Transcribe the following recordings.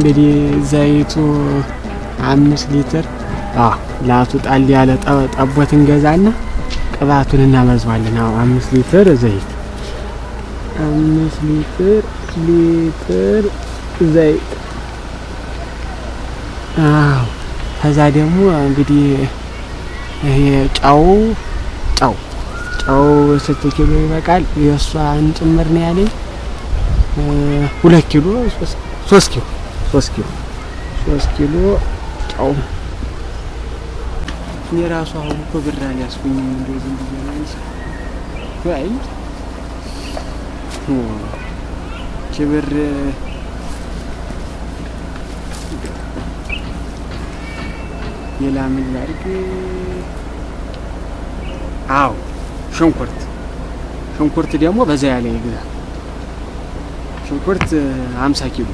እንግዲህ ዘይቱ አምስት ሊትር ላቱ ጣል ያለ ጠቦት እንገዛና ቅባቱን እናበዛዋለን። አዎ አምስት ሊትር ዘይት አምስት ሊትር ሊትር ዘይት አዎ። ከዛ ደግሞ እንግዲህ ይሄ ጨው ጨው ጨው ስት ኪሎ ይበቃል? የእሷ እንጭምር ነው ያለኝ ሁለት ኪሎ ሶስት ኪሎ ሶስት ኪሎ ሶስት ኪሎ ጨው እኔ አሁን እኮ ብር አልያዝኩኝም። እንደዚህ ብር ሌላ ምን ላድርግ? አዎ ሽንኩርት ሽንኩርት ደግሞ በዛ ያለ ይግዛ። ሽንኩርት አምሳ ኪሎ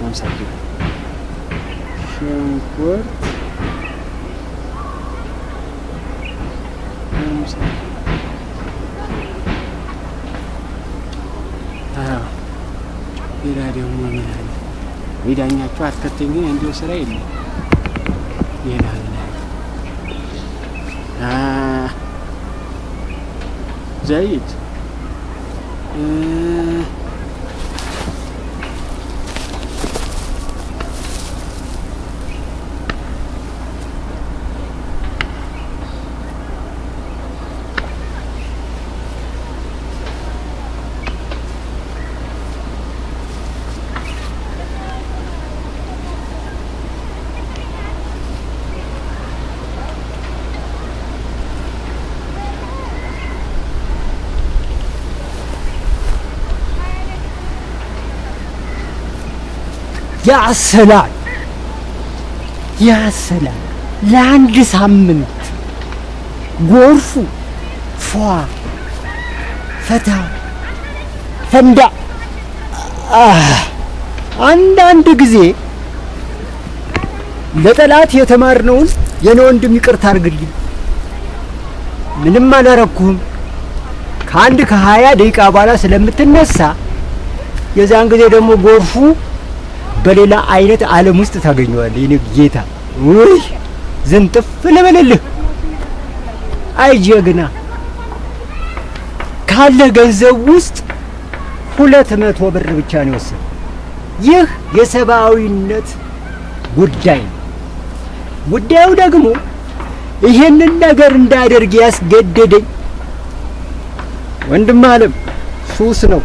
Vamos aqui. Chancor. Vamos aqui. Tá, ó. uma mirada. Vira a minha quarta, tem nem onde eu serei. Vira a minha. Ah. ah. Zé, isso. Eh, ያሰላል ያሰላል። ለአንድ ሳምንት ጎርፉ ፏ ፈታ ፈንዳ። አንዳንድ ጊዜ ለጠላት የተማርነውን የኔ ወንድም ይቅርታ አድርግልኝ፣ ምንም አላረግኩህም፣ ከአንድ ከሀያ ደቂቃ በኋላ ስለምትነሳ የዛን ጊዜ ደግሞ ጎርፉ በሌላ አይነት ዓለም ውስጥ ታገኘዋለህ። የኔ ጌታ ውይ ዝንጥፍ ልበልልህ። አይ ጀግና ካለ ገንዘብ ውስጥ ሁለት መቶ ብር ብቻ ነው የወሰድኩት። ይህ የሰብአዊነት ጉዳይ ነው። ጉዳዩ ደግሞ ይሄንን ነገር እንዳደርግ ያስገደደኝ ወንድም አለም ሱስ ነው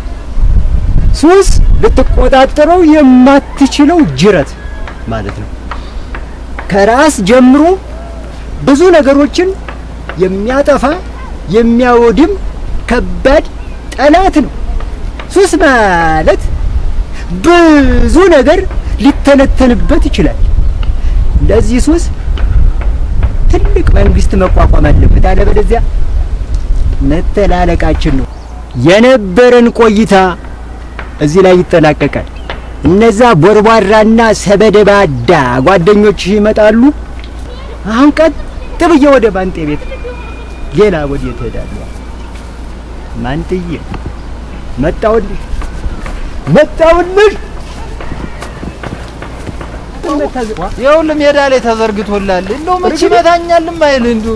ሱስ ልትቆጣጠረው የማትችለው ጅረት ማለት ነው። ከራስ ጀምሮ ብዙ ነገሮችን የሚያጠፋ የሚያወድም ከባድ ጠላት ነው። ሱስ ማለት ብዙ ነገር ሊተነተንበት ይችላል። ለዚህ ሱስ ትልቅ መንግስት መቋቋም አለበት። አለበለዚያ መተላለቃችን ነው። የነበረን ቆይታ እዚህ ላይ ይጠናቀቃል። እነዛ ቦርቧራና ሰበደባዳ ጓደኞች ይመጣሉ። አሁን ቀጥ ብዬ ወደ ባንጤ ቤት ሌላ ወዴት እሄዳለሁ? ማንጥዬ መጣሁልሽ፣ መጣሁልሽ። ይኸውልህ ሜዳ ላይ ተዘርግቶላል። እንደው መች ይመታኛልም አይል አይልህ እንዲሁ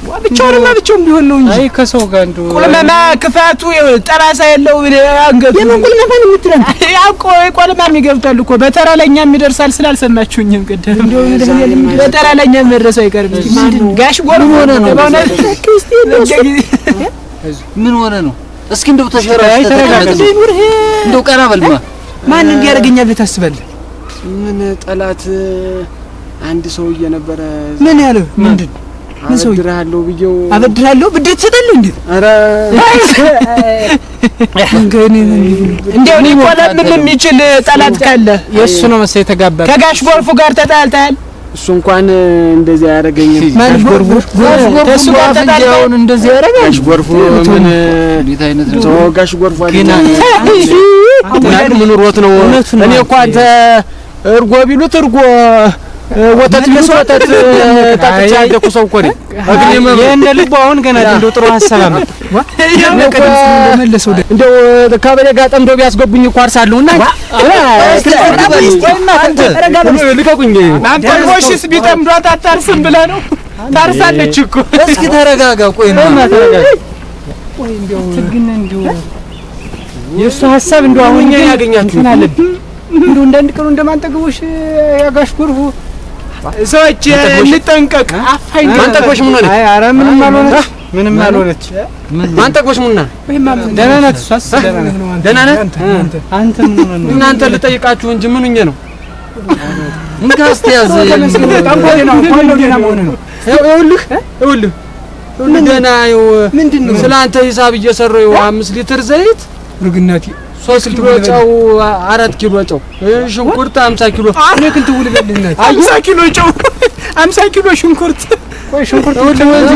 ብቻውንማ ብቻውን ቢሆን ነው እንጂ። አይ ከሰው ጋር እንደው ቁልመማ ክፋቱ ጠባሳ ያለው አንገቱ። የምን ቁልመማ ነው የምትለን? ያው ቆይ ቁልማም ይገብታል እኮ በተራ ለእኛም ይደርሳል። ስላልሰማችሁኝም ቅድም በተራ ለእኛም መድረሱ አይቀርም። ጋሽ ጎል ሆነ ነው ምን ሆነ ነው? እስኪ እንደው ተሸራ እንደው ቀና በልማ ማን እንዲያደርገኛል ታስባለህ? ምን ጠላት አንድ ሰውዬ ነበረ። ምን ያለው ምንድን አበድርሃለሁ ብዬው አበድርሃለሁ ብድር ትሰጣለህ እንዴ? ኧረ እንደው ሊቆለምም የሚችል ጠላት ካለ የእሱ ነው መሰለኝ። የተጋባል ከጋሽ ጎርፉ ጋር ተጣልተሃል። እሱ እንኳን እንደዚህ አያደርገኝም። ጋሽ ጎርፉ እሱ ጋር ተጣልተሃል። እንደዚህ ያደርጋል ጋሽ ጎርፉ ምን እንዴት ጋሽ ጎርፉ አለ ምን ሮት ነው? እኔ እኮ አንተ እርጎ ቢሉት እርጎ ወተት ቤት ወተት ጠጥቼ ያደኩ ሰው እኮ ነኝ። ይሄን ልቡ አሁን ገና እንደው ጥሩ ሀሳብ እንደው ከበሬ ጋር ጠምደው ቢያስገቡኝ እኮ አርሳለሁ እና ልቀቁኝ። አንተሽስ ቢጠምዷት አታርስም ብለህ ነው? ታርሳለች እኮ። እስኪ ተረጋጋ። ቆይ ነው የእሱ ሀሳብ እንደው አሁን እኛን ያገኛችሁ እንትን አለብኝ እንደው እንዳንድ ቀኑ እንደማንጠግቦሽ ያጋሽ ጎርፉ ሰዎች እንጠንቀቅ። አፋኝ ማን ጠቅሞሽ ሙና ነች? ኧረ ምንም አልሆነች፣ ምንም አልሆነች። ማን ጠቅሞሽ ሙና? ደህና ናት፣ እሷስ ደህና ናት። እናንተ ልጠይቃችሁ እንጂ ምን ሆኜ ነው? እንግዲህ አስተያዝ ይኸውልህ፣ ይኸውልህ ደህና ይኸው፣ ስለ አንተ ሂሳብ እየሰራሁ ይኸው አምስት ሊትር ዘይት ርግናቴ ሶስት ኪሎ ጨው፣ አራት ኪሎ ጨው፣ ሽንኩርት አምሳ ኪሎ ለክንት ውል በልነት አምሳ ኪሎ ጨው፣ አምሳ ኪሎ ሽንኩርት። ቆይ ሽንኩርት ነው።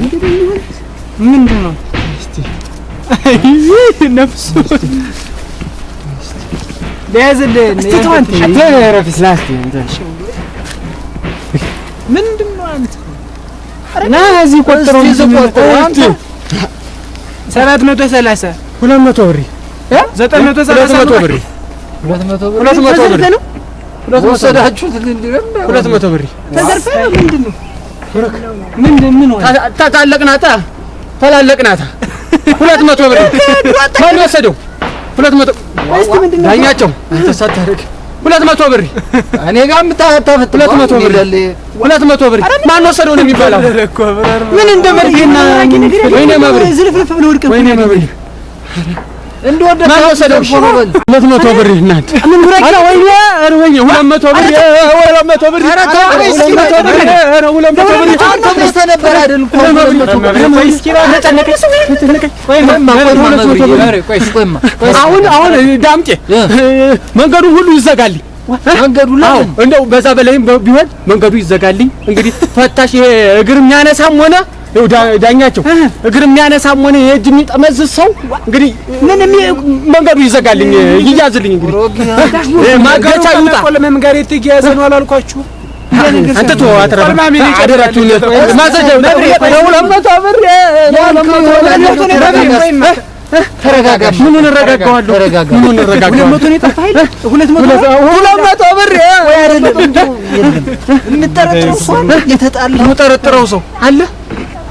እንግዲህ ምንድን ነው ነፍሱ ሰባት መቶ ሰላሳ ሁለት መቶ ብር ዘጠኝ መቶ ሰላሳ ብር ሁለት መቶ ብር ተዘርፈህ ነው ምንድን ነው ታላለቅናታ ታላለቅናታ ሁለት መቶ ብር ማን ወሰደው? ሁለት መቶ ዳኛቸው አንተ ሳታደርግ ሁለት መቶ ብር እኔ ጋር የምታፈት ሁለት መቶ ብር ሁለት መቶ ብር ማን ወሰደው ነው የሚባለው? ምን እንደመድግና ወይኔ መብሬ ዝልፍልፍ ብሎ ወድቅ ወይኔ መብሬ ሁለት መቶ ብር አሁን አሁን ዳምጤ መንገዱ ሁሉ ይዘጋልኝ መንገዱ ለምን እንደው በዛ በላይም ቢሆን መንገዱ ይዘጋልኝ እንግዲህ ፈታሽ ይሄ እግር የሚያነሳም ሆነ ይኸው ዳኛቸው እግር የሚያነሳም ሆነ የእጅ የሚጠመዝዝ ሰው እንግዲህ ምን መንገዱ ይዘጋልኝ ይያዝልኝ። እንግዲህ ማጋቻ ይውጣ። መንገድ ትያዘ ነው አላልኳችሁ? አንተ አደራችሁን ማዘጃ ሰው አለ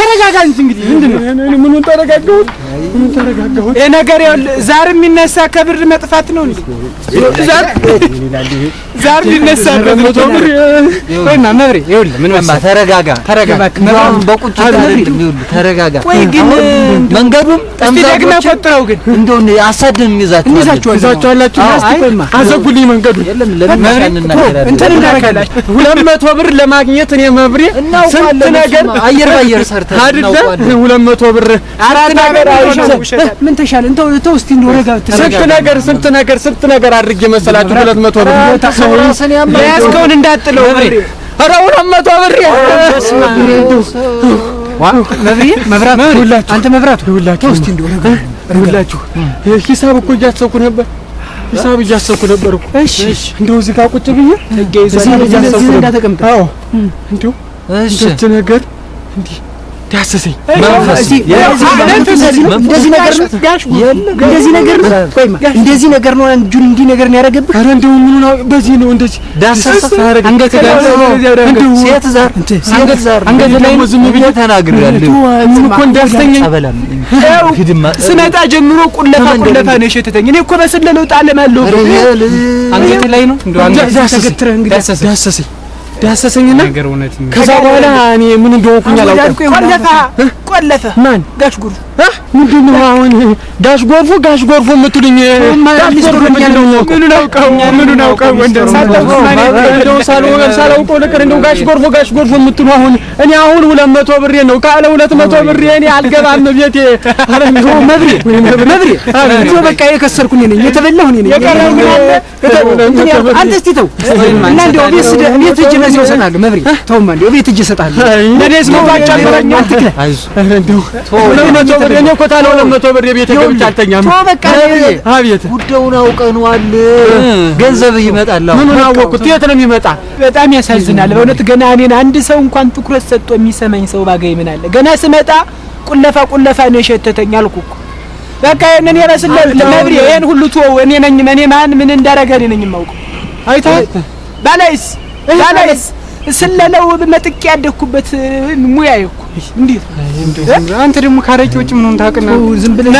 ተረጋጋ እንጂ እንግዲህ ምንድን ነው? ምኑን ተረጋጋሁት? ምኑን ተረጋጋሁት? ይሄ ነገር ይኸውልህ፣ ዛር የሚነሳ ከብር መጥፋት ነው እንዴ? ዛር ዛር የሚነሳ ከብር ተምር ወይና መብሬ፣ ይኸውልህ ምን መሰለህ፣ ተረጋጋ፣ ተረጋጋ፣ ምራውን በቁጭ ተረጋጋ፣ ተረጋጋ። ወይ ግን መንገዱም ጠምዛው ደግና ቆጥረው ግን እንደው አሳደን እንይዛችሁ እንይዛችሁ አላችሁ አስተማ አዘጉልኝ መንገዱ። መብሬ እንትን እንዳረጋላችሁ ሁለት መቶ ብር ለማግኘት እኔ መብሬ ስንት ነገር አየር ባየር ሰርተ ሁለት መቶ ብር ምን ተሻለ? እንተው እስቲ እንደው ረጋ ብትል ስንት ነገር ስንት ነገር ስንት ነገር አድርጌ መሰላችሁ ሁለት መቶ ብር ያዝከውን እንዳጥለው ብሬ ኧረ ሁለት መቶ ብር መብሬ መብራት ይኸውላችሁ፣ አንተ መብራት ይኸውላችሁ፣ እስቲ እንደው ይኸውላችሁ፣ ሂሳብ እኮ እያሰብኩ ነበር ሂሳብ እያሰብኩ ነበር እኮ። እሺ እንደው እዚህ ጋር ቁጭ ብዬ እዚህ እንዳተቀምጠ። አዎ እንደው እሺ ነገር እንዲህ ዳስሰኝ እንደዚህ ነገር ነው። ቆይማ እንደዚህ ነገር ነው። እጁን እንዲህ ነገር ያደረገብህ። ኧረ እንደው ምን ነው በዚህ ነው እንደዚህ ዳሰሰ አንገት ጋር አንገት ላይ ዝም ስመጣ ጀምሮ ቁለፋ ቁለፋ ነው የሸተተኝ። እኔ እኮ በስለ ጣለም አለማለሁ አንገት ላይ ነው እንደው አንገት ዳሰሰኝ ዳሰሰኝና ከዛ በኋላ እኔ ምን እንደሆንኩኝ አላውቅም። አለፈ። ማን ጋሽ ጎርፉ? ምንድን ነው አሁን ጋሽ ጎርፉ ጋሽ ጎርፉ የምትሉኝ? ጋሽ ጎርፉ ጋሽ ጎርፉ የምትሉ አሁን እኔ አሁን ሁለት መቶ ብሬ ነው ካለ ሁለት መቶ ብሬ እኔ አልገባም ቤቴ። መብሬ በቃ የከሰርኩ እኔ ነኝ የተበላሁ እኔ ነኝ። አንተ እስኪ ተው እና እንደው ቤት እጅ እሰጥሀለሁ መብሬ። ተውማ እንደው ቤት እጅ እሰጥሀለሁ። እንደው እኔ እኮ ታዲያ ሁለት መቶ ብር የቤት ገብቼ አልተኛም። በቃ አቤት ጉዳዩን አውቀነዋል። ገንዘብ ይመጣል። ምኑን አወቅሁት? የት ነው የሚመጣ? በጣም ያሳዝናል በእውነት ገና እኔን አንድ ሰው እንኳን ትኩረት ሰጥቶ የሚሰማኝ ሰው ባገኝ ምን አለ። ገና ስመጣ ቁለፋ ቁለፋ ነው የሸተተኝ አልኩ እኮ በቃ ይሄንን የራስለት ለመብሪ ይሄን ሁሉ ተወው። እኔ ነኝ እኔ ማን ምን እንዳደረገ እኔ ነኝ የማውቀው። አይተህ ባላይስ ባላይስ ስለለው መጥቄ ያደግኩበት ሙያ ይኩ እንዴት አንተ ደግሞ ካረቂ ውጭ ምኑን ታውቅና ዝም ብለህ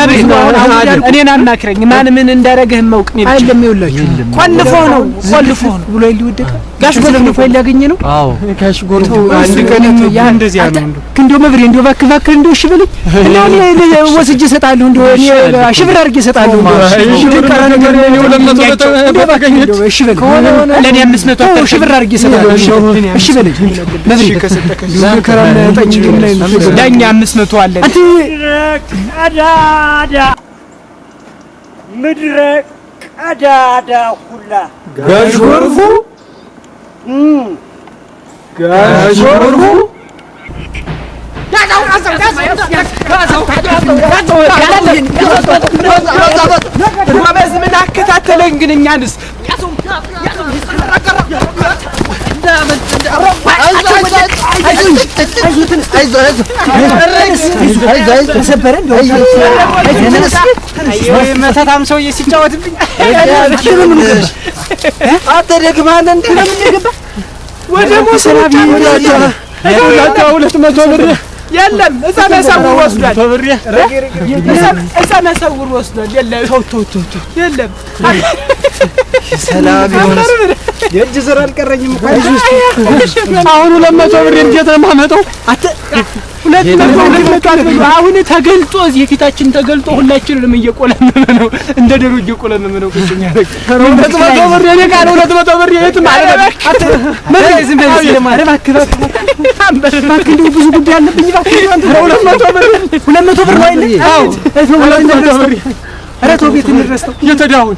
እኔን አናክረኝ። ማን ምን እንዳረገህ ማውቅ ነው አይደለም። ይኸውላችሁ ቆልፎ ነው ቆልፎ ነው ብሎ ሊወደቀ ጋሽ ጎልፎ ያገኘ ነው። አዎ ጋሽ ጎልፎ አንድ ቀን እንደዚያ ነው። እንዴ መብሬ እንደው እባክህ ባክ እንደው እሺ በለኝ እና እኔ ወስጄ እሰጣለሁ። እንዴ እኔ ሽብር አድርጌ እሰጣለሁ። እሺ ቀረ ነገር ነው። ለምን ባካኝ እሺ በለኝ ለኔ 500 መቶ ሽብር አድርጌ እሰጣለሁ። እሺ በለኝ ዳኛ አምስት መቶ አለን። ምድረ ቀዳዳ ሁላ ገዥ ጎርፉ ገዥ ጎርፉ በዝ ምን ግን እኛንስ መተታም ሰውዬ ሲጫወትብኝ አንተ ደግመሀል እንደ ለምን የገባ ወደ ሞሰብ ሁለት መቶ ብር የለም እዛ መሰውር ወስዷል። እዛ መሰውር ወስዷል። የለም ሰላም ይሁን። የእጅ ስራ አልቀረኝም። አሁን ሁለት መቶ ብር እንዴት ነው የማመጣው? ሁለት መቶ ሁለት መቶ አሁን ተገልጦ እዚህ ፊታችን ተገልጦ ሁላችንንም እየቆለመመ ነው፣ እንደ ድሮ እየቆለመመ ነው። ቁጭኛ ሁለት መቶ ብር የኔ ቃል ሁለት መቶ ብር የትም እባክህ ብዙ ጉዳይ አለብኝ። ሁለት መቶ ብር ሁለት መቶ ብር ነው አይደል? ሁለት መቶ ብር ኧረ ተው ቤት እንረስተው የተዳውን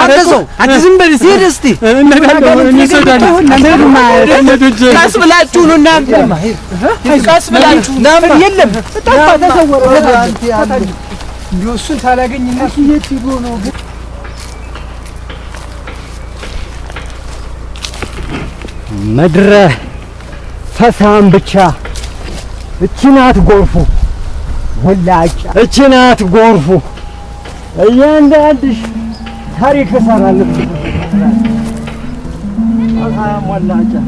አንተ ሰው አንተ ዝም በል ሲሄድ እስቲ ቀስ ብላችሁ ነው። ቀስ ብላችሁ የለም እንደው እሱን ታላገኝ እነሱ የት ሂዶ ነው ግን መድረ ፈሳም ብቻ እቺ ናት ጎርፉ ወላጫ እቺ ናት ጎርፉ እያንዳንድሽ ታሪክ እሰራለሁ። አልሀያሟላቸው